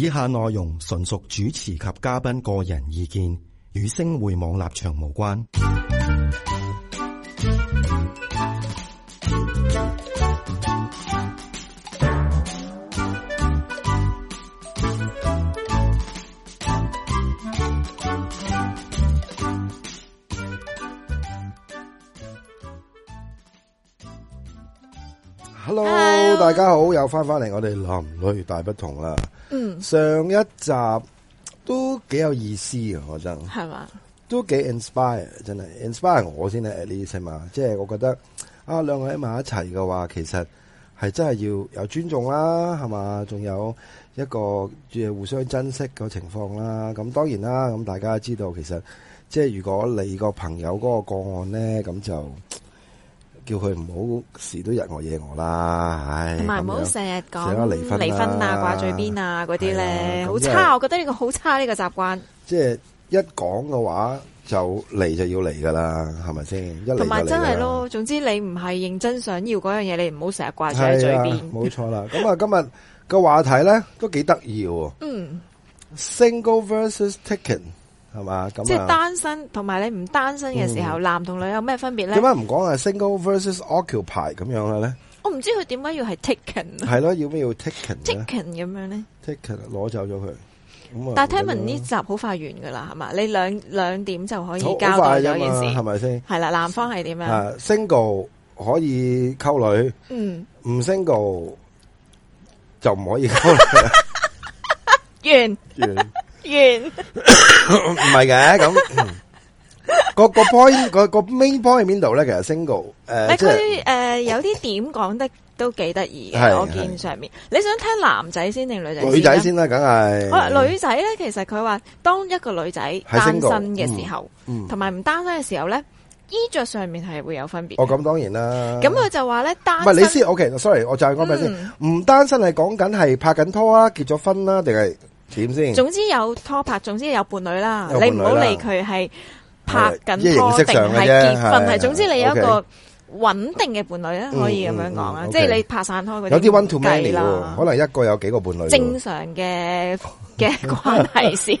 以下內容純屬主持及嘉賓個人意見，與星匯網立場無關。Hello, Hello. 大家好，又翻返嚟我哋男女大不同啦。嗯、上一集都幾有意思啊，我真係嘛，嗎都幾 inspire，真係 inspire 我先啦，at least 嘛，即係我覺得啊，兩個喺埋一齊嘅話，其實係真係要有尊重啦，係嘛，仲有一個要互相珍惜個情況啦。咁當然啦，咁大家知道，其實即係如果你個朋友嗰個個案咧，咁就。叫佢唔好事都日我惹我啦，唉，同埋唔好成日講離婚啊、掛、啊、嘴邊啊嗰啲咧，好、啊就是、差，我覺得呢個好差呢、這個習慣。即係一講嘅話就嚟就要嚟噶啦，係咪先？同埋真係咯，總之你唔係認真想要嗰樣嘢，你唔好成日掛嘴邊。冇錯啦，咁啊今日個話題咧都幾得意喎。嗯，Single versus taken 係嘛？咁？即係單身同埋你唔單身嘅時候，男同女有咩分別咧？點解唔講係 single versus occupy 咁樣嘅咧？我唔知佢點解要係 taken 係咯，要唔要 taken taken 咁樣咧？taken 攞走咗佢。咁啊！但係聽聞呢集好快完噶啦，係嘛？你兩兩點就可以交代咗件事，係咪先？係啦，男方係點樣？啊，single 可以溝女，嗯，唔 single 就唔可以溝女。完。完唔係嘅咁，個 o 個 main point 喺邊度咧？其實 single 誒，佢誒，有啲點講得都幾得意嘅。我見上面，你想聽男仔先定女仔？女仔先啦，梗係。女仔咧，其實佢話當一個女仔單身嘅時候，同埋唔單身嘅時候咧，衣着上面係會有分別。哦，咁當然啦。咁佢就話咧，單唔係你先？okay, sorry，我就係講咩先？唔單身係講緊係拍緊拖啊，結咗婚啦，定係？總之有拖拍，總之有伴侶啦，侶啦，你唔好理佢係拍緊拖定係結婚，係總之你有一個穩定嘅伴侶咧，可以咁樣講啦，即係你拍散拖嗰啲唔計啦，有，可能一個有幾個伴侶，正常嘅。 嘅關係先，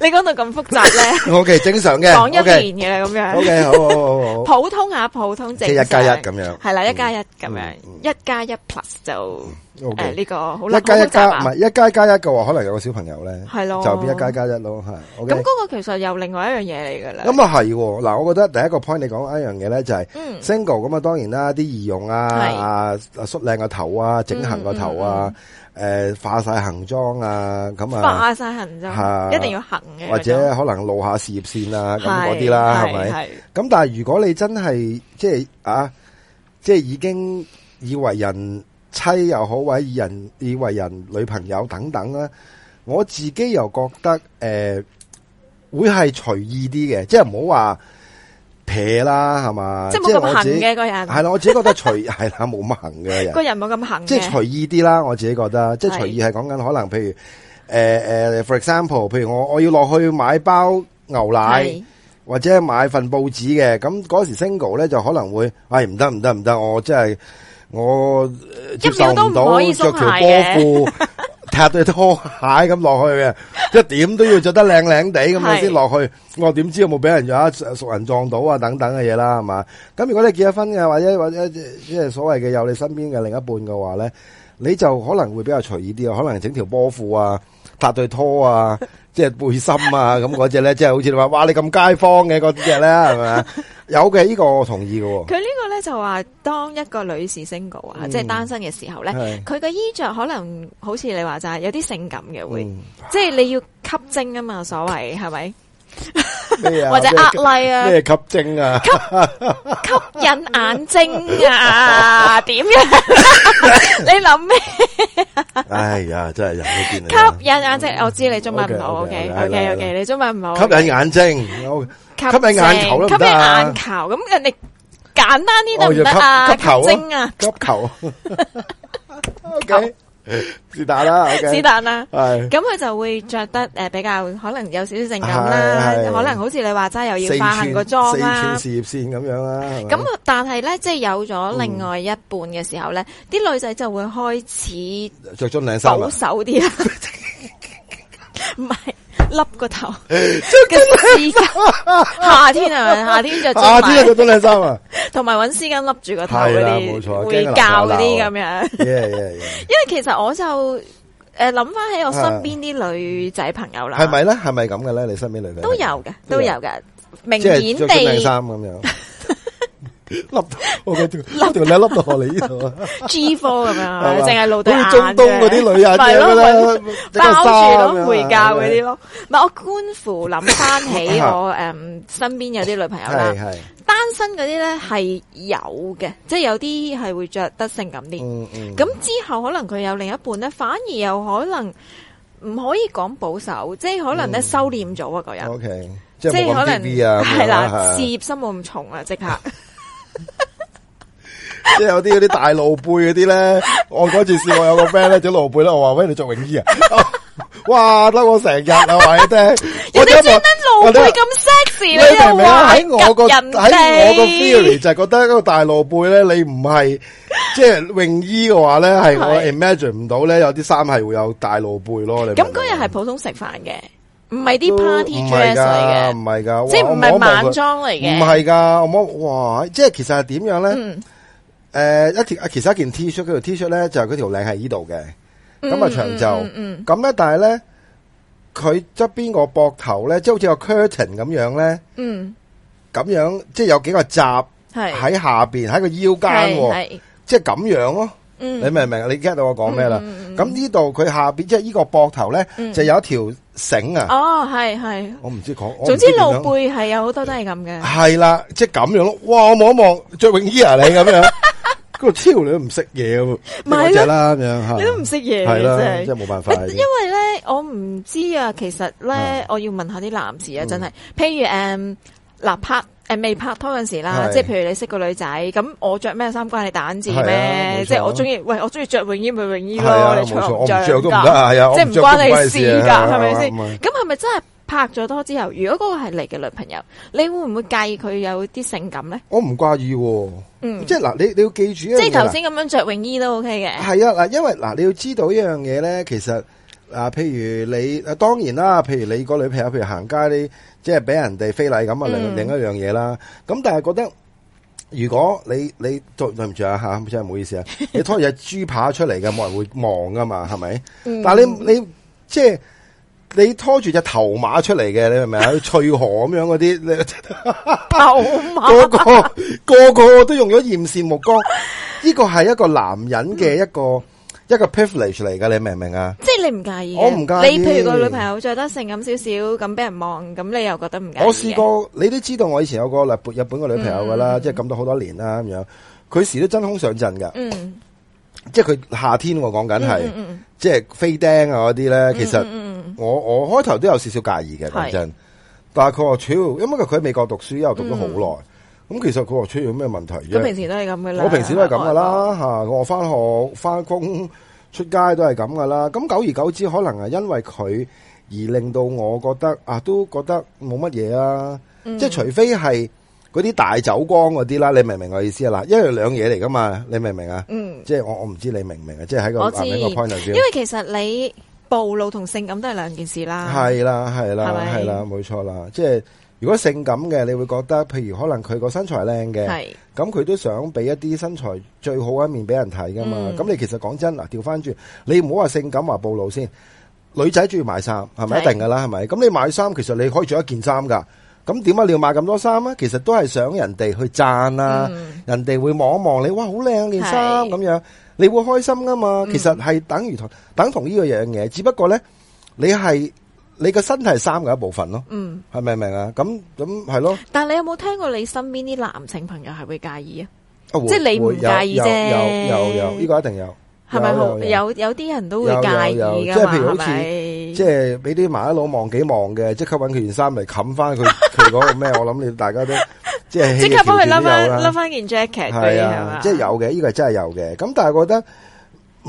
你講到咁複雜咧，OK，正常嘅，講一年嘅啦，咁樣 OK 好，好，好，普通啊，普通，一加一咁樣，係啦，一加一咁樣，一加一 plus 就 OK 呢個，一加一加唔係一加加一嘅話，可能有個小朋友咧，係咯，就變一加加一咯，係，咁嗰個其實又另外一樣嘢嚟噶啦，咁啊係，嗱，我覺得第一個 point 你講一樣嘢咧就係，single 咁啊，當然啦，啲儀容啊，阿阿縮靚個頭啊，整型個頭啊。誒、呃，化晒行裝啊，咁啊，化晒行裝，啊、一定要行嘅，或者可能露下事業線啊，咁嗰啲啦，係咪是？咁但係如果你真係即係啊，即係已經以為人妻又好，或者以為人女朋友等等啦，我自己又覺得誒、呃，會係隨意啲嘅，即係唔好話。撇啦，係嘛？即係咁行嘅個人，係咯，我自己覺得隨意係啦，冇乜 行嘅人。個人冇咁行，即係隨意啲啦。我自己覺得，對 即係隨意係講緊可能，譬如誒、呃呃、for example，譬如我我要落去買包牛奶，對 或者買份報紙嘅。咁嗰時 single 咧，就可能會，唉唔得唔得唔得，我即係我接受唔到著條波褲。 拍 對拖鞋咁落去嘅，即點都要着得靚靚地咁你先落去。我點知有冇俾人撞熟人撞到啊？等等嘅嘢啦，係嘛？咁如果你結咗婚嘅，或者或者即係所謂嘅有你身邊嘅另一半嘅話咧，你就可能會比較隨意啲啊，可能整條波褲啊，拍對拖啊。 即係背心啊，咁嗰隻咧，即係好似你話，哇你咁街坊嘅嗰隻咧，係咪啊？有嘅，呢、呢個我同意嘅。佢呢個咧就話，當一個女士 single 啊，嗯、即係單身嘅時候咧，佢嘅是的 衣着可能好似你話就係有啲性感嘅，會、嗯、即係你要吸睛啊嘛，所謂，係咪？ 或者壓力啊，咩吸睛啊，吸引眼睛啊，點樣？你諗咩？哎呀，真係人都變啦！吸引眼睛，我知你中文唔好。O K O K O K，你中文唔好。吸引眼睛，吸引眼球都唔得啊！眼球咁人哋簡單啲就唔得啊。吸睛啊，吸球。是但啦，是但啦，係咁佢就會着得誒，比較可能有少少性感啦，可能好似你話齋又要化下個妝啦，事業線咁樣啦。咁但係咧，即係有咗另外一半嘅時候咧，啲女仔就會開始着咗靚衫，保守啲啦，唔係。笠個頭嘅絲巾，夏天係咪？夏天就着埋。夏天着嗰冬令衫啊，同埋揾絲巾笠住個頭嗰啲，會教嗰啲咁樣。係係係，因為其實我就誒諗翻起我身邊啲女仔朋友啦，係咪咧？係咪咁嘅咧？你身邊女仔都有嘅，都有嘅，明顯地。笠我嘅條，笠條你笠到我你呢度啊！G 貨咁樣，淨係露對眼嘅。好似中東嗰啲女啊，係咯，包住咯，回教嗰啲咯。唔係我觀乎諗翻起我誒身邊有啲女朋友啦，單身嗰啲咧係有嘅，即係有啲係會着得性感啲。咁之後可能佢有另一半咧，反而又可能唔可以講保守，即係可能咧收斂咗啊個人。O K，即係可能係啦，事業心冇咁重啊，即刻。即係有啲啲大露背嗰啲咧，我嗰次試過我有個 friend 咧，就露背啦。我話喂你着泳衣啊？哇，得我成日啊，話你聽有啲專登露背咁 sexy，你又話喺我個 feel，就係覺得嗰個大露背咧，你唔係即係泳衣嘅話咧，係我 imagine 唔到咧，有啲衫係會有大露背咯。你咁嗰日係普通食飯嘅。唔係啲 party dress 嚟嘅，即係唔係晚裝嚟嘅，唔係噶，我冇哇！即係其實係點樣咧？誒，一件啊，其實一件 T 恤，嗰條 T 恤咧就佢條領喺依度嘅，咁啊長袖，咁咧但係咧，佢側邊個膊頭咧，即係好似個 curtain 咁樣咧，嗯，咁樣即係有幾個閘係喺下邊喺個腰間，即係咁樣咯，你明唔明？你 get 到我講咩啦？咁呢度佢下邊即係呢個膊頭咧，就有一條。繩啊！哦，係係，我唔知講。總之，露背係有好多都係咁嘅。係啦，即係咁樣咯。哇！我望一望，着泳衣啊，你咁樣，個 超女都唔識嘢咁。唔係啦，你都唔識嘢，係啦，即係即係冇辦法，啊。因為咧，我唔知啊，其實咧，的我要問下啲男士啊，真係，譬如誒、嗯，立拍。誒，未拍拖嗰時啦，即係譬如你識個女仔，咁我着咩衫關你蛋事咩？即係我中意，喂，我中意着泳衣咪泳衣咯，你着唔着噶？即係唔關你事噶，係咪先？咁係咪真係拍咗拖之後，如果嗰個係你嘅女朋友，你會唔會介意佢有啲性感咧？我唔掛意，喎！即係嗱，你你要記住，即係頭先咁樣着泳衣都 OK 嘅。係啊，嗱，因為嗱，你要知道一樣嘢咧，其實。嗱、啊，譬如你，當然啦。譬如你個女朋友，譬如行街，你即係俾人哋非禮咁啊，另，嗯、另一另一樣嘢啦。咁但係覺得，如果你你，你對對唔住啊吓、啊，真係唔好意思啊。你拖住隻豬扒出嚟嘅，冇人 會望噶嘛，係咪？嗯、但係你你即係、就是、你拖住隻頭馬出嚟嘅，你係咪啊？翠河咁樣嗰啲，頭馬 個個個個都用咗艷羨目光。呢個係一個男人嘅一個。嗯一個一個 privilege 嚟噶，你明唔明啊？即係你唔介意，我唔介意。你譬如個女朋友着得性咁少少，咁俾人望，咁你又覺得唔介意？我試過，你都知道我以前有個日本個女朋友噶啦，嗯、即係咁到好多年啦咁樣。佢時都真空上陣噶，嗯、即係佢夏天我講緊係，嗯嗯、即係飛釘啊嗰啲咧。其實我我開頭都有少少介意嘅，講真是。但係佢話超，因為佢喺美國讀書，又讀咗好耐。嗯咁其實佢話出現咩問題嘅？咁平時都係咁嘅啦。我平時都係咁嘅啦，吓國我翻學、翻工、出街都係咁嘅啦。咁久而久之，可能係因為佢而令到我覺得啊，都覺得冇乜嘢啦。嗯、即係除非係嗰啲大走光嗰啲啦，你明唔明我意思啊？嗱，因為兩嘢嚟噶嘛，你明唔明啊、嗯？即係我我唔知你明唔明啊？即係喺個講緊個 point 度。因為其實你暴露同性感都係兩件事啦。係啦，係啦，係啦，冇錯啦，吧啦，啦，即係。.如果性感嘅，你會覺得，譬如可能佢個身材靚嘅，咁佢都想俾一啲身材最好一面俾人睇噶嘛。咁你其實講真嗱，調翻轉，你唔好話性感話暴露先，女仔中意買衫係咪一定噶啦？係咪？咁你買衫其實你可以着一件衫噶。咁點解你要買咁多衫呢？其實都係想人哋去讚啊，人哋會望一望你，哇，好靚件衫咁樣，你會開心噶嘛？其實係等於同等同呢個樣嘢，只不過呢，你係。你個身體係衫嘅一部分咯，嗯，係咪明啊？咁咁係咯。但係你有冇聽過你身邊啲男性朋友係會介意啊？即係你唔介意啫，有有有，呢個一定有係咪？好有有啲人都會介意噶，即係譬如好似即係俾啲麻甩佬望幾望嘅，即刻揾佢件衫嚟冚翻佢佢嗰個咩？我諗你大家都即係即刻幫佢諗下，笠翻件 jacket 係啊，即係有嘅，呢個係真係有嘅。咁但係覺得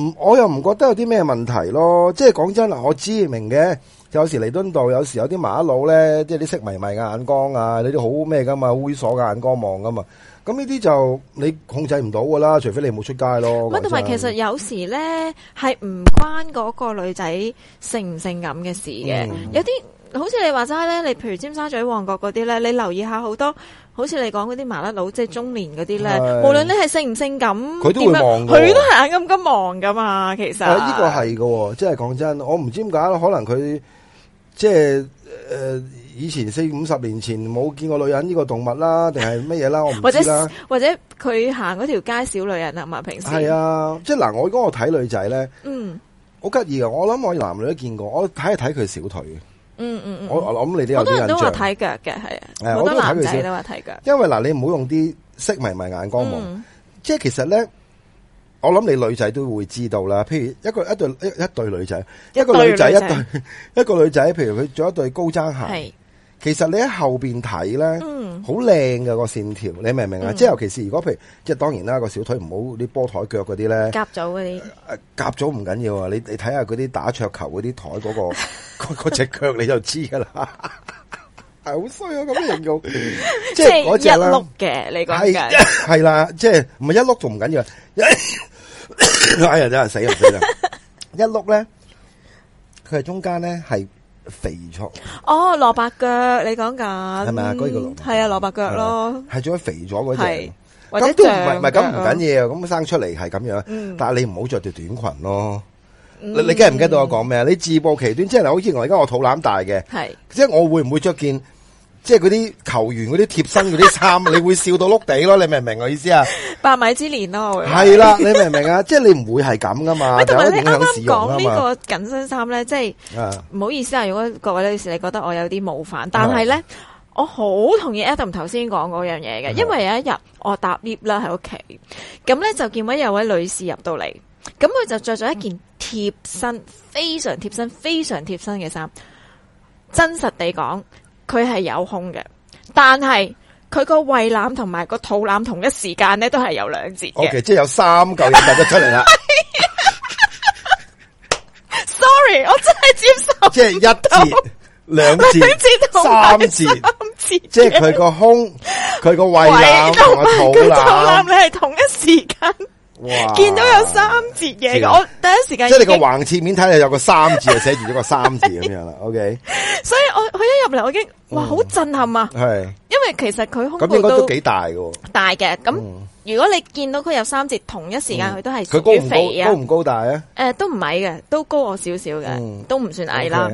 唔我又唔覺得有啲咩問題咯，即係講真嗱，我知明嘅。有時彌敦道，有時有啲麻甩佬咧，即係啲色迷迷嘅眼光啊！你啲好咩噶嘛？猥瑣嘅眼光望噶嘛？咁呢啲就你控制唔到噶啦，除非你冇出街咯。咁啊，同埋其實有時咧，係唔關嗰個女仔性唔性感嘅事嘅。有啲好似你話齋咧，你譬如尖沙咀旺角嗰啲咧，你留意下好多，好似你講嗰啲麻甩佬，即係中年嗰啲咧，無論你係性唔性感，佢都會望嘅。佢都係眼金金望噶嘛。其實呢個係嘅，即係講真，我唔知點解，可能佢。即係誒、呃，以前四五十年前冇見過女人呢個動物啦，定係乜嘢啦？我唔知啦 或，或者佢行嗰條街，小女人啊嘛，平時係啊，即係嗱、嗯，我嗰個睇女仔咧，嗯，好得意啊！我諗我男女都見過，我睇一睇佢小腿，嗯嗯，嗯我我諗你都有印象，都話睇腳嘅，係啊，好多男仔都睇女仔都話睇腳，因為嗱，嗯、你唔好用啲色迷迷眼光喎。嗯、即係其實咧。我諗你女仔都會知道啦，譬如一個一對一一對女仔，一個女仔一對一個女仔，譬如佢着一對高踭鞋，係其實你喺後邊睇咧，嗯，好靚嘅個線條，你明唔明啊？即係尤其是如果譬如即係當然啦，個小腿唔好啲波台腳嗰啲咧，夾咗嗰啲，誒，夾咗唔緊要啊！你你睇下嗰啲打桌球嗰啲台嗰個嗰嗰隻腳，你就知噶啦，係好衰啊！咁形容，即係嗰隻啦，一碌嘅，你講係啦，即係唔係一碌仲唔緊要。哎呀真係死啦死啦， 一碌咧，佢係中間咧係肥咗。哦，蘿蔔腳你講㗎係咪啊？嗰個蘿蔔係啊，蘿蔔腳咯，係最肥咗嗰隻。咁都唔係，唔係咁唔緊要。咁、哦、生出嚟係咁樣，嗯、但係你唔好着條短裙咯。嗯、你你驚唔驚到我講咩啊？你自暴其短，即係好似我而家我肚腩大嘅，係是 即係我會唔會着件？即係嗰啲球員嗰啲貼身嗰啲衫， 你會笑到碌地咯！你明唔明我意思啊？百米之年咯，係啦，你明唔明啊？ 即係你唔會係咁噶嘛？唔係，同埋你啱啱講呢個緊身衫咧，即係唔好意思啊！如果各位女士你覺得我有啲冒犯，但係咧，嗯、我好同意 Adam 頭先講嗰樣嘢嘅，嗯、因為有一日我搭 lift 啦喺屋企，咁咧的就見到有位女士入到嚟，咁佢就着咗一件貼身，嗯、身、非常貼身、非常貼身嘅衫，真實地講。佢係有胸嘅，但係佢個胃腩同埋個肚腩同一時間咧都係有兩節 OK，即係有三舊嘢突出嚟啦。 Sorry，我真係接受，即係一節、兩節、 三節節，三節即係佢個胸、佢個胃腩同埋個肚腩，你係同一時間。見到有三節嘢㗎。我第一時間即係你個橫切面睇下，有個三字就寫住咗個三字咁樣啦。OK，所以我佢一入嚟，我已經哇好震撼啊！係，因為其實佢空間都幾大喎！大嘅。咁如果你見到佢有三節，同一時間佢都係佢肥啊，高唔高大啊？誒，都唔矮嘅，都高我少少嘅，都唔算矮啦。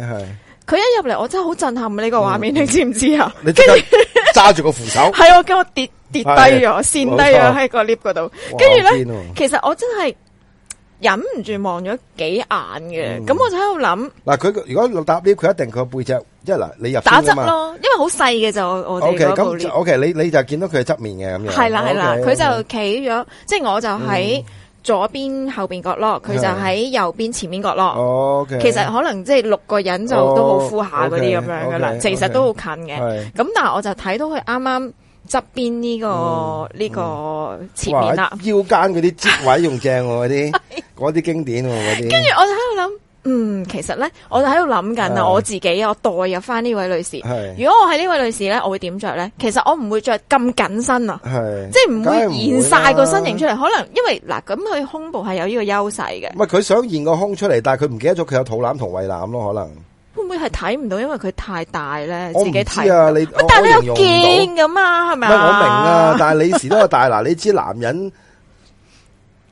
佢一入嚟，我真係好震撼你個畫面，你知唔知啊？你最近揸住個扶手係我驚我跌。跌低咗，跣低咗喺個 lift 嗰度，跟住咧，其實我真係忍唔住望咗幾眼嘅。咁我就喺度諗，嗱，佢如果落搭 lift，佢一定佢個背脊，即係嗱，你入打側咯，因為好細嘅就我我。O K，咁 O K，你你就見到佢側面嘅咁樣，係啦係啦，佢就企咗，即係我就喺左邊後邊角落，佢就喺右邊前面角落。O K，其實可能即係六個人就都好呼下嗰啲咁樣噶啦，其實都好近嘅。咁但係我就睇到佢啱啱。側邊呢個呢個、嗯嗯、前面啦，腰間嗰啲接位用正喎，嗰啲， 嗰啲經典嗰啲。跟住 我就喺度諗，嗯，其實咧，我就喺度諗緊啊，是的 我自己，我代入翻呢位女士。係是的 如果我係呢位女士咧，我會點着咧？其實我唔會着咁緊身啊，係的即係唔會現晒個身形出嚟。可能因為嗱，咁佢胸部係有呢個優勢嘅。唔係佢想現個胸出嚟，但係佢唔記得咗佢有肚腩同胃腩咯，可能。會唔會係睇唔到？因為佢太大咧，我知自己睇啊！你， 但你有見咁啊？係咪我明啊！但係你時都係大嗱，你知男人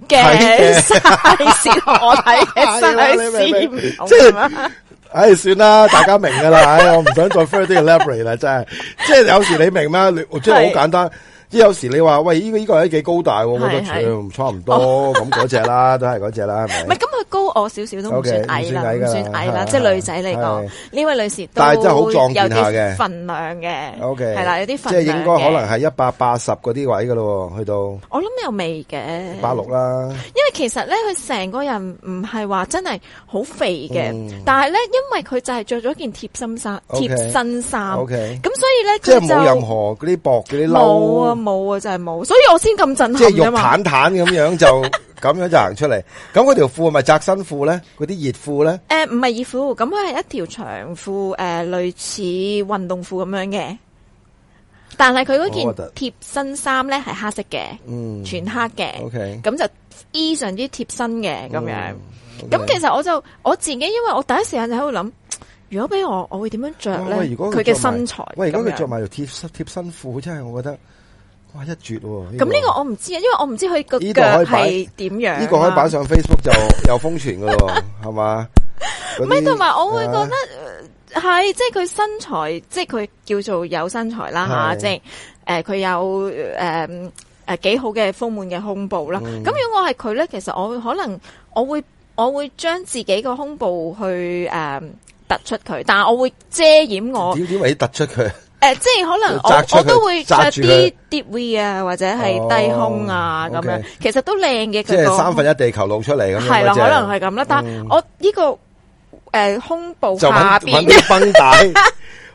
睇晒線，我睇嘅身體唔即係，唉 哎，算啦，大家明噶啦！唉、 哎，我唔想再翻呢嘅 library 啦，真係，即係有時你明咩？你即係好簡單。即有時你話喂，呢個呢個係幾高大，我覺得仲差唔多咁嗰隻啦，都係嗰隻啦，係咪？唔係咁佢高我少少都唔算矮啦，唔算矮啦，即係女仔嚟講，呢位女士，但係真係好壯健下嘅分量嘅，係啦，有啲即係應該可能係一百八十嗰啲位噶咯，去到我諗又未嘅八六啦。因為其實咧，佢成個人唔係話真係好肥嘅，但係咧，因為佢就係着咗件貼身衫，貼身衫，咁所以咧，即係冇任何嗰啲薄嗰啲褸啊。冇啊，就係冇，所以我先咁震撼。即係肉坦坦咁樣就咁 樣就行出嚟。咁嗰條褲係咪窄身褲咧？嗰啲熱褲咧？誒、呃，唔係熱褲，咁佢係一條長褲，誒、呃，類似運動褲咁樣嘅。但係佢嗰件貼身衫咧係黑色嘅，全黑嘅。O K，咁就衣上啲貼身嘅咁樣。咁、嗯 okay、其實我就我自己，因為我第一時間就喺度諗，如果俾我，我會點樣着咧、啊？如果佢嘅身材，喂，而家佢着埋條貼貼身褲，真係我覺得。哇！這個、一絕喎，咁呢個我唔知啊，因為我唔知佢個腳係點樣，呢個可以擺、這個、上 Facebook 就有瘋傳噶喎，係嘛 唔係同埋我會覺得係、啊，即係佢身材，即係佢叫做有身材啦吓，是即係誒佢有誒誒幾好嘅豐滿嘅胸部啦。咁、嗯、如果我係佢咧，其實我可能我會我會將自己個胸部去誒、呃、突出佢，但係我會遮掩我點為突出佢？誒，即係可能我我都會紮住佢啲低 V 啊，或者係低胸啊，咁樣其實都靚嘅。即係三分一地球露出嚟，咁樣就可能係咁啦。但係我呢個誒胸部下邊揾啲繃帶，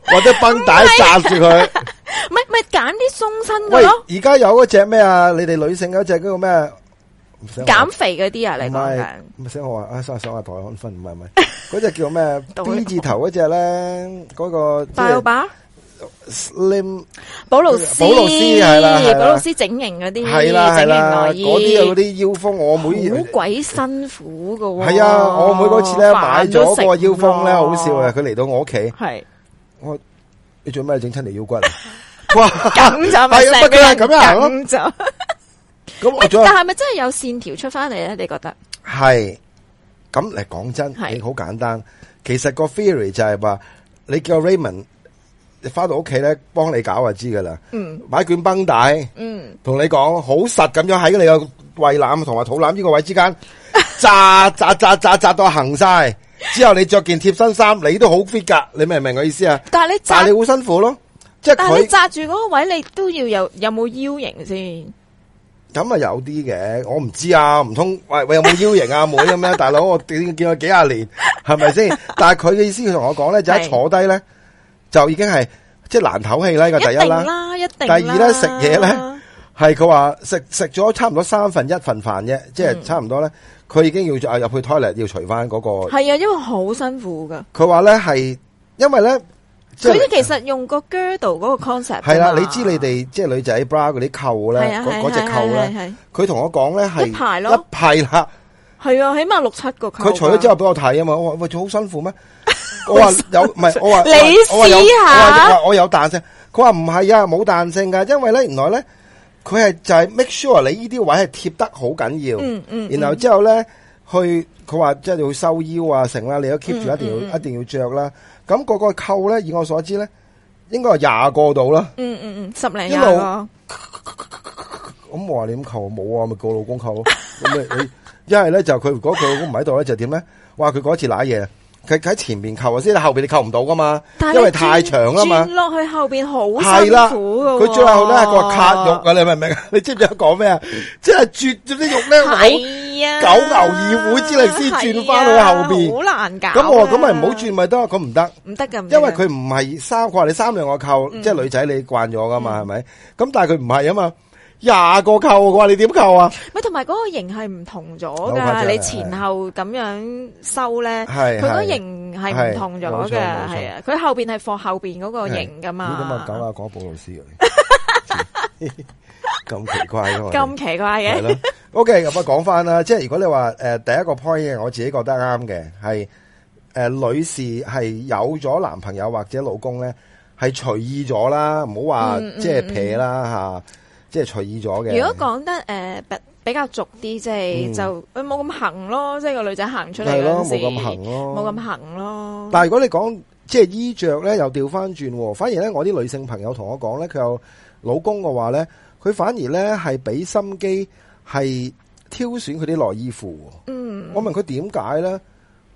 或者繃帶紮住佢，唔係唔係揀啲鬆身嘅咯。而家有嗰隻咩啊？你哋女性嗰隻嗰個咩？唔使減肥嗰啲啊嚟嘅。唔係唔使我話，啊，想下想下台康分唔係唔係嗰隻叫咩 D 字頭嗰隻咧？嗰個大老闆。Slim 保羅斯，保羅斯係啦，保羅斯整形嗰啲係啦，整形內衣嗰啲，嗰啲腰封，我妹好鬼辛苦噶。係啊，我妹嗰次咧買咗個腰封咧，好笑啊！佢嚟到我屋企，係我，你做咩整親條腰骨啊？咁就咪成日咁樣咯？咁但係咪真係有線條出翻嚟咧？你覺得係咁嚟講真係好簡單。其實個 theory 就係話你叫 Raymond。你翻到屋企咧，幫你搞就知噶啦。嗯，買卷繃帶，嗯，同你講好實咁樣喺你個胃腩同埋肚腩呢個位之間 紮扎扎扎扎，扎到行晒，之後你着件貼身衫，你都好 fit 噶，你明唔明我意思啊？但係你好辛苦咯，即係佢扎住嗰個位，你都要有有冇腰型先？咁啊有啲嘅，我唔知啊，唔通喂，喂有冇腰型啊？冇咩咩大佬，我見過幾廿年，係咪先？ 但係佢嘅意思佢同我講咧，就一坐低咧。就已經係即係難唞氣啦，個第一啦。第二咧，食嘢咧，係佢話食食咗差唔多三分一份飯啫，即係差唔多咧，佢已經要入去 toilet，要除翻嗰個。係啊，因為好辛苦噶。佢話咧係因為咧，佢其實用個 girdle 嗰個 concept。係啦，你知你哋即係女仔 bra 嗰啲扣咧，嗰隻隻扣咧，佢同我講咧係一排咯，一排啦。係啊，起碼六七個扣。佢除咗之後俾我睇啊嘛，我喂，仲好辛苦咩？我話有，唔係我話，我話有，我話有彈性。佢話唔係啊，冇彈性噶，因為咧，原來咧，佢係就係 make sure 你呢啲位係貼得好緊要。嗯嗯、然後之後咧，去佢話即係你要收腰啊，成啦，你都 keep 住，一定要、嗯嗯、一定要着啦。咁、那個個扣咧，以我所知咧，應該係廿個度啦。嗯嗯嗯，十零廿個。咁我話點扣？冇啊，咪叫老公扣。咁咪 你因為咧就佢如果佢老公唔喺度咧就點咧？哇，佢嗰次瀨嘢。佢喺前面扣啊先，但後邊你扣唔到噶嘛，因為太長啊嘛。轉落去後邊好辛苦噶。佢最後咧個卡肉啊，你明唔明？你知唔知講咩啊？即係轉咗啲肉咧，好九牛二虎之力先轉翻去後邊，好難搞。咁我咁咪唔好轉咪得？咁唔得？唔得噶，因為佢唔係三，我話你三兩個扣，即係女仔你慣咗噶嘛，係咪？咁但係佢唔係啊嘛。廿個扣，佢你點扣啊？咪同埋嗰個型係唔同咗噶，你前後咁樣收咧，佢嗰個型係唔同咗嘅。係啊，佢後邊係放後邊嗰個型噶嘛。咁啊，講下講布老師咁奇怪嘅，咁奇怪嘅。O K，咁啊，講翻啦，即係如果你話誒，第一個 point，我自己覺得啱嘅係誒，女士係有咗男朋友或者老公咧，係隨意咗啦，唔好話即係撇啦吓。即係隨意咗嘅。如果講得誒、呃，比比較俗啲，即係就佢冇咁行咯，即係個女仔行出嚟嗰陣時冇咁行咯，冇咁行咯。但係如果你講即係衣着咧，又調翻轉，反而咧我啲女性朋友同我講咧，佢有老公嘅話咧，佢反而咧係俾心機，係挑選佢啲內衣褲。嗯，我問佢點解咧？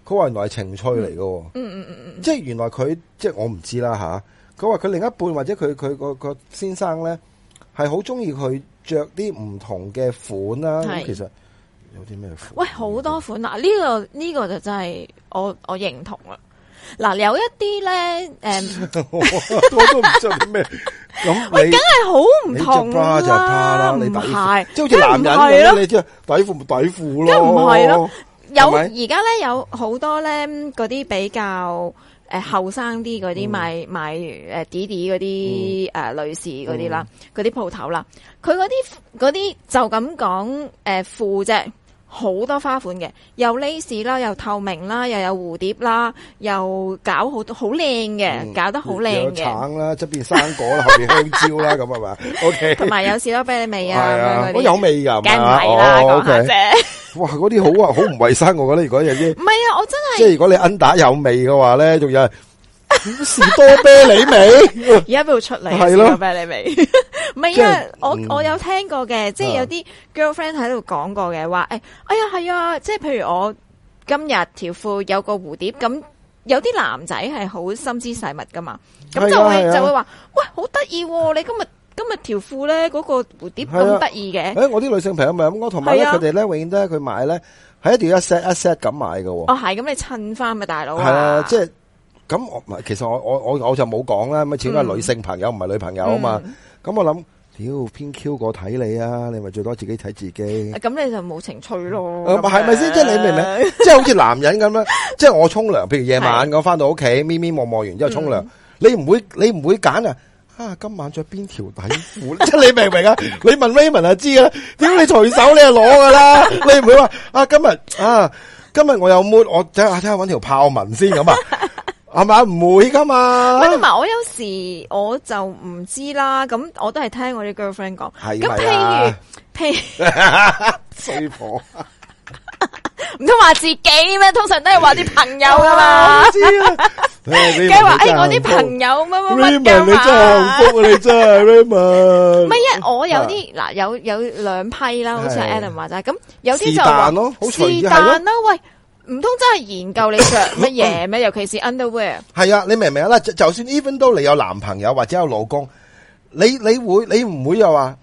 佢話原來係情趣嚟嘅。嗯嗯嗯嗯，即係原來佢即係我唔知啦吓、啊。佢話佢另一半或者佢佢個個先生咧。係好中意佢着啲唔同嘅款啦，其實有啲咩款？喂，好多款啊！呢個呢個就真係我我認同啦。嗱，有一啲咧，誒，我都唔着咩咁。喂，梗係好唔同啦，唔係即好似男人咁，你即係底褲咪底褲咯，唔係咯？有而家咧有好多咧嗰啲比較。誒，後生啲嗰啲賣賣誒，弟弟嗰啲誒，女士嗰啲啦，嗰啲鋪頭啦，佢嗰啲嗰啲就咁講誒，富、呃、啫。好多花款嘅，又 lace 啦，又透明啦，又有蝴蝶啦，又搞好多好靚嘅，搞得好靚嘅。有橙啦，出邊生果啦，後邊香蕉啦，咁係咪？OK。同埋有士多啤梨味啊，我有味噶，梗係啦，OK。哇，嗰啲好啊，好唔衛生，我覺得如果樣嘢。唔係啊，我真係。即係如果你 under 有味嘅話咧，仲有。士 多啤梨味，而家邊度出嚟？士多啤梨味，唔係啊！即係、我我有聽過嘅，嗯、即係有啲 girlfriend 喺度講過嘅話，誒、哎，哎呀，係、哎、啊！即係譬如我今日條褲有個蝴蝶，咁有啲男仔係好心思細密噶嘛，咁、哎、呀就會、哎、呀就會話，喂，好得意！你今日今日條褲咧嗰個蝴蝶咁得意嘅。誒、哎，我啲女性朋友咪咁，我同埋咧，佢哋咧，永遠都係，佢買咧係一條一 set 一 set 咁買嘅。哦，係，咁你襯翻咪大佬。係啊，即係。咁我其實我我我我就冇講啦，始終係女性朋友唔係女朋友啊嘛。咁、嗯、我諗，屌偏 Q 過睇你啊，你咪最多自己睇自己。咁、啊、你就冇情趣咯，係咪先？即係你明唔明 即？即係好似男人咁樣，即係我沖涼，譬如夜晚我翻到屋企，是咪咪望望完之後沖涼、嗯，你唔會你唔會揀啊？啊，今晚着邊條底褲？ 即係你明唔明啊？你問 Raymond 啊知啊？屌你隨手你就攞噶啦， 你唔會話啊今日啊今日我有 mood，我睇下睇下搵條豹紋先咁啊。看看 係嘛？唔會噶嘛？唔係，同埋我有時我就唔知啦，咁我都係聽我啲 girlfriend 講。係咁，譬如譬如，四婆唔通話自己咩？通常都係話啲朋友噶嘛。知啦，梗係話誒，我啲朋友乜乜乜咁啊！Raymond，你真係幸福，你真係 Raymond。乜呀？我有啲嗱，有有兩批啦，好似 Adam 話齋咁，有啲就話咯，好隨意係咯，喂。唔通真係研究你着乜嘢咩？ 尤其是 underwear。係啊，你明唔明啊？啦，就算 even though 你有男朋友或者有老公，你你會你唔會又話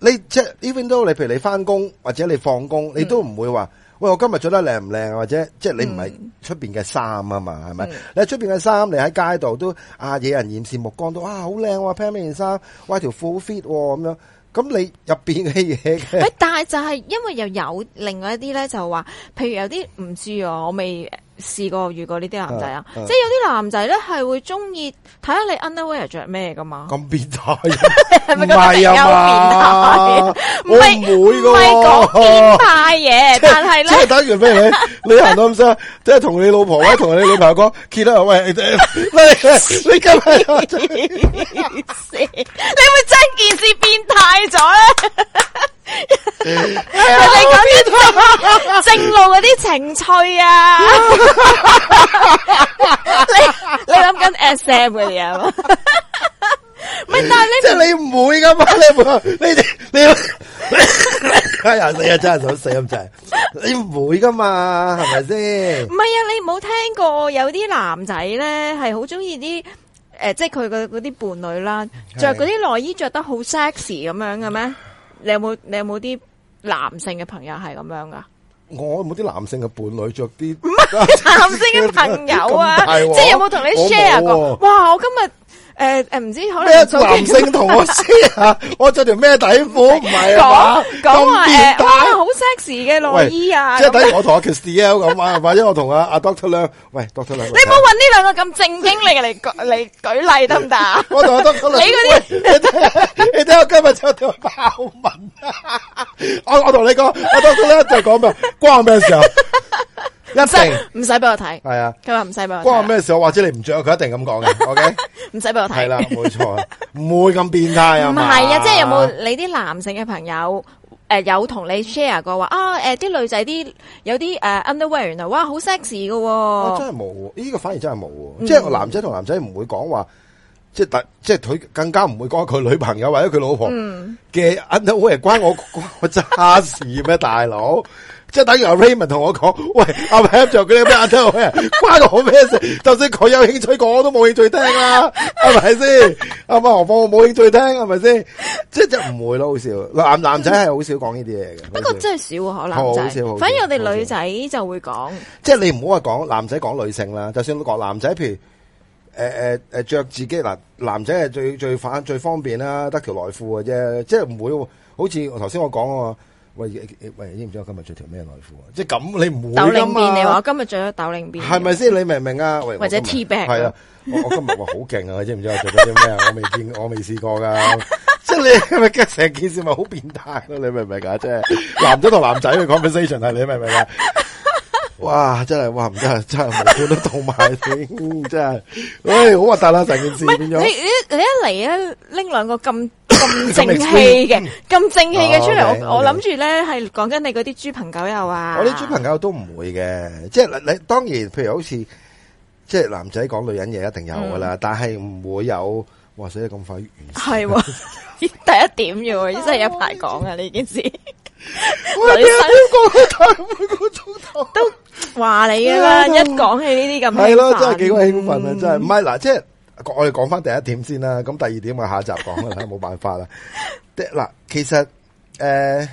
你即係 even though 你譬如你翻工或者你放工，你都唔會話、嗯、喂我今日着得靚唔靚？或者即係你唔係出邊嘅衫啊嘛？係咪、嗯嗯？你出邊嘅衫，你喺街度都啊惹人艷羨目光都哇啊好靚喎披咩件衫，喂，條褲好 fit 咁樣。咁你入邊嘅嘢，誒，但係就係因為又有另外一啲咧，就話，譬如有啲唔知喎，我未試過遇過呢啲男仔啊，即係有啲男仔咧係會中意睇下你 underwear 着咩噶嘛？咁變態唔係啊嘛，變態我唔會噶，變態嘢，但係咧即係等於咩？你你係啱先，即係同你老婆或者同你女朋友講，見到喂，你你今日你會將件事變態咗咧？你講正路嗰啲情趣啊！ 你你諗緊 SM 嘅嘢？唔係，但係你唔即係你唔會噶嘛？你唔你哋你死啊真係想死咁滯！你唔會噶嘛？係咪先？唔係啊！你冇聽過有啲男仔咧，係好中意啲誒，即係佢嘅嗰啲伴侶啦，着嗰啲內衣着得好 sexy 咁樣嘅咩？ 你有冇你有冇啲男性嘅朋友係咁樣噶？我有冇啲男性嘅伴侶着啲唔係男性嘅朋友啊？麼麼即係有冇同你 share 過？啊、哇！我今日。誒誒，唔知可能男性同我試下，我着條咩底褲唔係啊嘛？咁面單好 sexy 嘅內衣啊！即係等於我同阿 Kristy 咁啊，或者我同阿阿 Doctor 梁，喂 Doctor 梁，你唔好搵呢兩個咁正經嚟嚟舉例得唔得啊？我同阿 Doctor，你嗰啲你睇下今日着條豹紋啊！我我同你講，阿 Doctor 梁就講咩？關我咩事？一定唔使俾我睇，係啊，佢話唔使俾我、啊。關我咩事？我話知你唔着，佢一定咁講嘅。OK，唔使俾我睇。係啦，冇錯，唔會咁變態啊嘛。唔係啊，即係有冇你啲男性嘅朋友，誒、呃，有同你 share 過話啊？誒、呃，啲女仔啲有啲誒 underwear 原來哇，好 sexy 噶喎、啊啊。真係冇，呢、這個反而真係冇、嗯。即係男仔同男仔唔會講話，即係特，即係佢更加唔會講佢女朋友或者佢老婆嘅 underwear、嗯、關我關我叉事咩，大佬？ 即係等於阿 Raymond 同我講，喂，阿 h a v 佢啲咩阿頭咩，關我咩事？就算佢有興趣講，我都冇興趣聽啦、啊，係咪先？阿唔、 啊、何妨我冇興趣聽，係咪先？即係就唔會咯，好笑。男男仔係好少講呢啲嘢嘅，不過真係少啊，可能。少，哦、反而我哋女仔就會講。 即係你唔好話講男仔講女性啦，就算講男仔，譬如誒誒誒着自己嗱，男仔係最最方最方便啦，得條內褲嘅啫，即係唔會好似我頭先我講喂，喂，知唔知我今日着條咩內褲啊？即係咁，你唔會啊嘛？斗零邊你話我今日着咗斗零邊？係咪先？你明唔明啊？或者 T-back？係啊，我今日話好勁啊！你知唔知我着咗啲咩啊？我未見，我未試過噶。即係你咪跟成件事咪好變態咯？你明唔明啊？即係男仔同男仔嘅 conversation 係你明唔明啊？哇！真係哇唔得，真係冇跳得動埋先，真係，哎，好核突啦！成件事變咗你你你一嚟咧拎兩個咁。咁正氣嘅，咁正氣嘅出嚟，我我諗住咧係講緊你嗰啲豬朋狗友啊！我啲豬朋友都唔會嘅，即係你當然，譬如好似即係男仔講女人嘢，一定有噶啦，但係唔會有哇！死得咁快完係，第一點要真係有排講啊！呢件事，女生講咗太半個鐘頭都話你噶啦，一講起呢啲咁係咯，真係幾興奮啊！真係唔係嗱，即係。我哋講翻第一點先啦，咁第二點我下集講啦，冇辦法啦。嗱， 其實誒、呃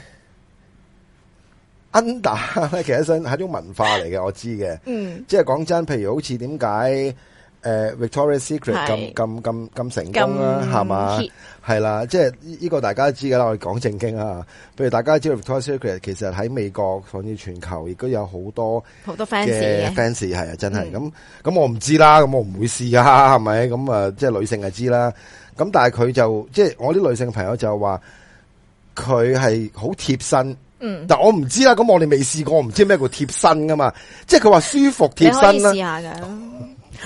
，under 咧其實係一種文化嚟嘅，我知嘅。嗯，即係講真，譬如好似點解？誒、uh,，Victoria Secret 咁咁咁咁成功啦，係嘛麼？係啦，即係呢個大家都知噶啦。我講正經啊，譬如大家知道 Victoria Secret 其實喺美國甚至全球亦都有好多好多 fans，fans 係啊，真係咁咁我唔知啦，咁我唔會試噶，係咪？咁啊、呃，即係女性就知啦。咁但係佢就即係我啲女性朋友就話佢係好貼身，嗯、但我唔知啦。咁我哋未試過，唔知咩叫貼身噶嘛？即係佢話舒服貼身試下啦。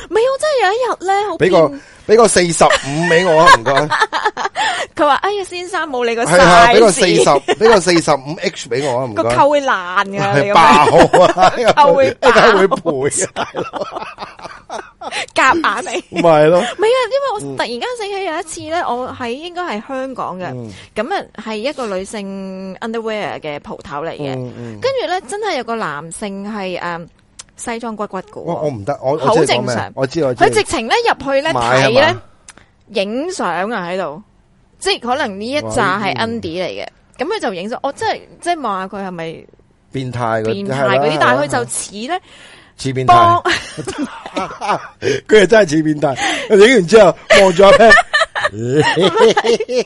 唔係，我真係有一日咧，俾個俾個四十五俾我啊！唔該。佢話：哎呀，先生冇你個 size。係個俾個四十，俾個四十五 H 俾我啊！唔該。個扣會爛噶，爆啊！扣會梗係會賠啊！夾硬唔係咯？唔係啊，因為我突然間醒起有一次咧，我喺應該係香港嘅，咁啊係一個女性 underwear 嘅鋪頭嚟嘅，跟住咧真係有個男性係誒。西裝骨骨個，我我唔得，我好正常，我知我知。佢直情咧入去咧睇咧，影相啊喺度，即係可能呢一扎係 Andy 嚟嘅，咁佢就影咗，我真係即係望下佢係咪變態，變態嗰啲，但係佢就似咧似變態，佢係真係似變態，影完之後望咗咧。佢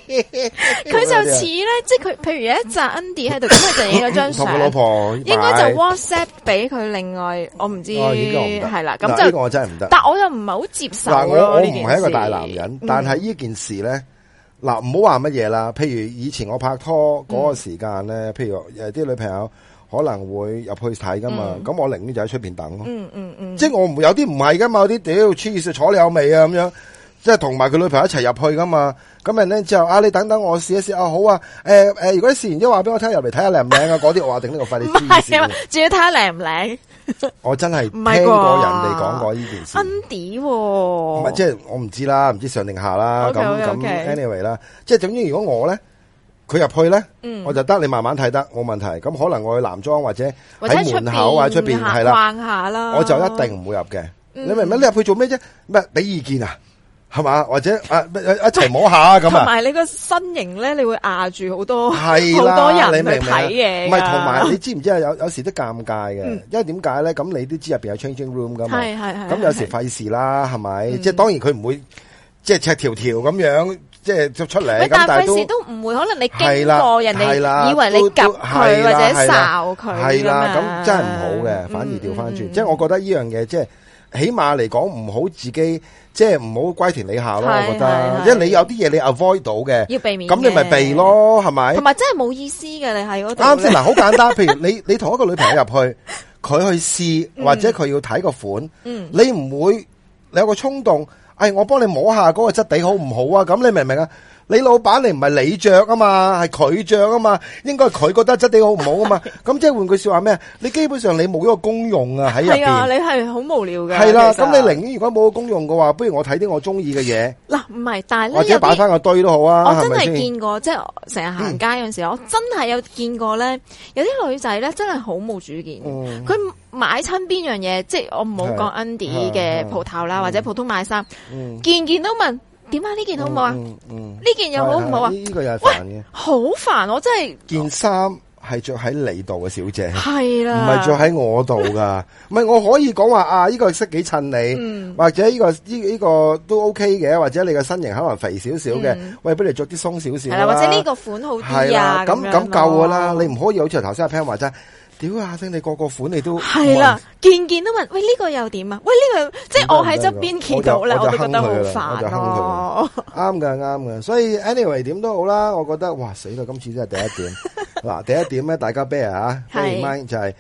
就似咧，即係佢，譬如有一集 Andy 喺度咁，佢就影咗張相。老婆應該就 WhatsApp 俾佢。另外，我唔知係啦。咁就呢個我真係唔得。但我又唔係好接受。嗱，我唔係一個大男人，但係呢件事咧，嗱，唔好話乜嘢啦。譬如以前我拍拖嗰個時間咧，譬如誒啲女朋友可能會入去睇噶嘛。咁我寧願就喺出邊等咯。嗯嗯嗯。即係我唔有啲唔係噶嘛，有啲屌 cheat 坐你後尾啊咁樣。即係同埋佢女朋友一齊入去噶嘛？咁人咧就啊，你等等我試一試啊，好啊，誒誒，如果試完之後話俾我聽，入嚟睇下靚唔靚啊，嗰啲我話定呢個快啲。仲要睇下靚唔靚。我真係聽過人哋講過呢件事。分 n 喎，係即係我唔知啦，唔知上定下啦。咁咁，anyway 啦，即係總之，如果我咧，佢入去咧，我就得你慢慢睇得，冇問題。咁可能我去男裝或者喺門口啊，出邊係啦，逛下啦，我就一定唔會入嘅。你明唔明？你入去做咩啫？咩俾意見啊？係嘛？或者啊，一齊摸下咁啊！同埋你個身形咧，你會壓住好多係啦，好多人你睇嘢，唔係同埋，你知唔知啊？有有時都尷尬嘅，因為點解咧？咁你都知入邊有 changing room，噶嘛？係係係。咁有時費事啦，係咪？即係當然佢唔會即係赤條條咁樣，即係出嚟，咁，但係費事都唔會可能你經過人哋，以為你夾佢或者哨佢，係啦，咁真係唔好嘅。反而調翻轉，即係我覺得呢樣嘢，即係起碼嚟講，唔好自己。即係唔好歸田理下咯，我覺得，因為你有啲嘢你 avoid 到嘅，要避免，咁你咪避咯，係咪的？同埋吧真係冇意思嘅，你係嗰度，啱先嗱，好簡單，譬如你你同一個女朋友入去，佢 去試或者佢要睇個款，嗯、你唔會你有個衝動，誒、哎，我幫你摸下嗰個質地好唔好啊？咁你明唔明啊？老闆你老闆你唔係你着啊嘛，係佢着啊嘛，應該佢覺得質地好唔好啊嘛。咁是的 即係換句說話咩？你基本上你冇一個功用啊喺入邊，你係好無聊嘅。係啦，咁你寧願如果冇個功用嘅話，不如我睇啲我中意嘅嘢。嗱、啊，唔係，但係咧有啲或者擺翻個堆都好啊，我真係吧見過，即係成日行街嗰陣時，嗯、我真係有見過咧，有啲女仔咧真係好冇主見。佢、嗯、買親邊樣嘢，即係我唔好講 Andy 嘅鋪頭啦，或者普通買衫，件件、嗯、都問。點啊？呢件好唔、嗯嗯嗯、好啊？呢件又好唔好啊？呢、這個又煩嘅，好煩，我真係。件衫係着喺你度嘅，小姐係啦，唔係着喺我度噶。唔係 我可以講話啊？呢、這個識幾襯你，嗯、或者呢、這個呢呢、這個這個都 OK 嘅，或者你嘅身形可能肥少少嘅，嗯、喂，不如着啲鬆少少啦。或者呢個款好啲啊？咁咁夠噶啦，夠了，嗯、你唔可以好似頭先阿 Pan 話齋。屌啊！阿星，你個個款你都係啦，件件都問，喂，呢個又點啊？喂，呢個即係我喺側邊見到啦，我覺得好煩咯。啱㗎，啱㗎，所以 anyway 點都好啦。我覺得哇死啦！今次真係第一點。嗱，第一點咧，大家 bear 啊，bear mind 就係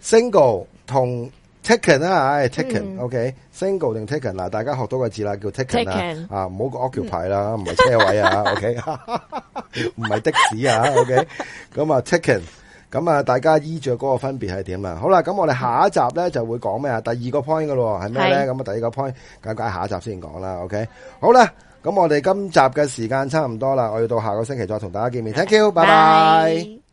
single 同 taken 啦，唉 taken，ok，single 定 taken 嗱，大家學到個字啦，叫 taken 啦，啊唔好個 occupy 啦，唔係車位啊，ok，唔係的士啊，ok，咁啊 taken。咁啊，大家衣着嗰個分別係點啊？好啦，咁我哋下一集呢就會講咩啊？第二個 point 噶咯，係咩呢？咁啊是，第二個 point，解解下一集先講啦。OK，好啦，咁我哋今集嘅時間差唔多啦，我要到下個星期再同大家見面。Thank you，拜拜。